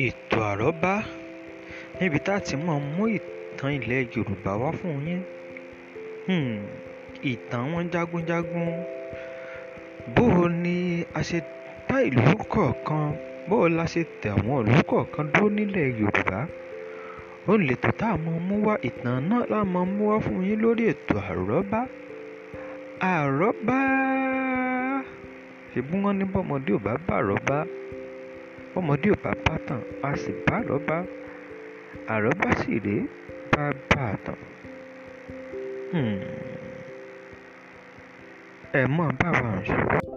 ètò àrọ́bá níbi tá a ti máa mú ìtàn ilẹ̀ Yorùbá wá fún yín hmm, ìtàn wọn jagunjagun bó o ní a ṣe dá ìlú kọ̀ọ̀kan bó o la ṣe tẹ̀ àwọn ìlú kọ̀ọ̀kan dúró nílẹ̀ Yorùbá ó lè tó tá a máa mú wá ìtàn náà la máa mú wá fún yín lórí ètò àrọ́bá àrọ́bá ṣèbí wọ́n ní bọ́mọdé ò bá bá àrọ́bá bọ́mọdé ò bá bá tàn a sì bá àrọ́bá àrọ́bá sì rèé bá bá a tàn. Hmm. ẹ mọ̀ bá wa ń ṣòro.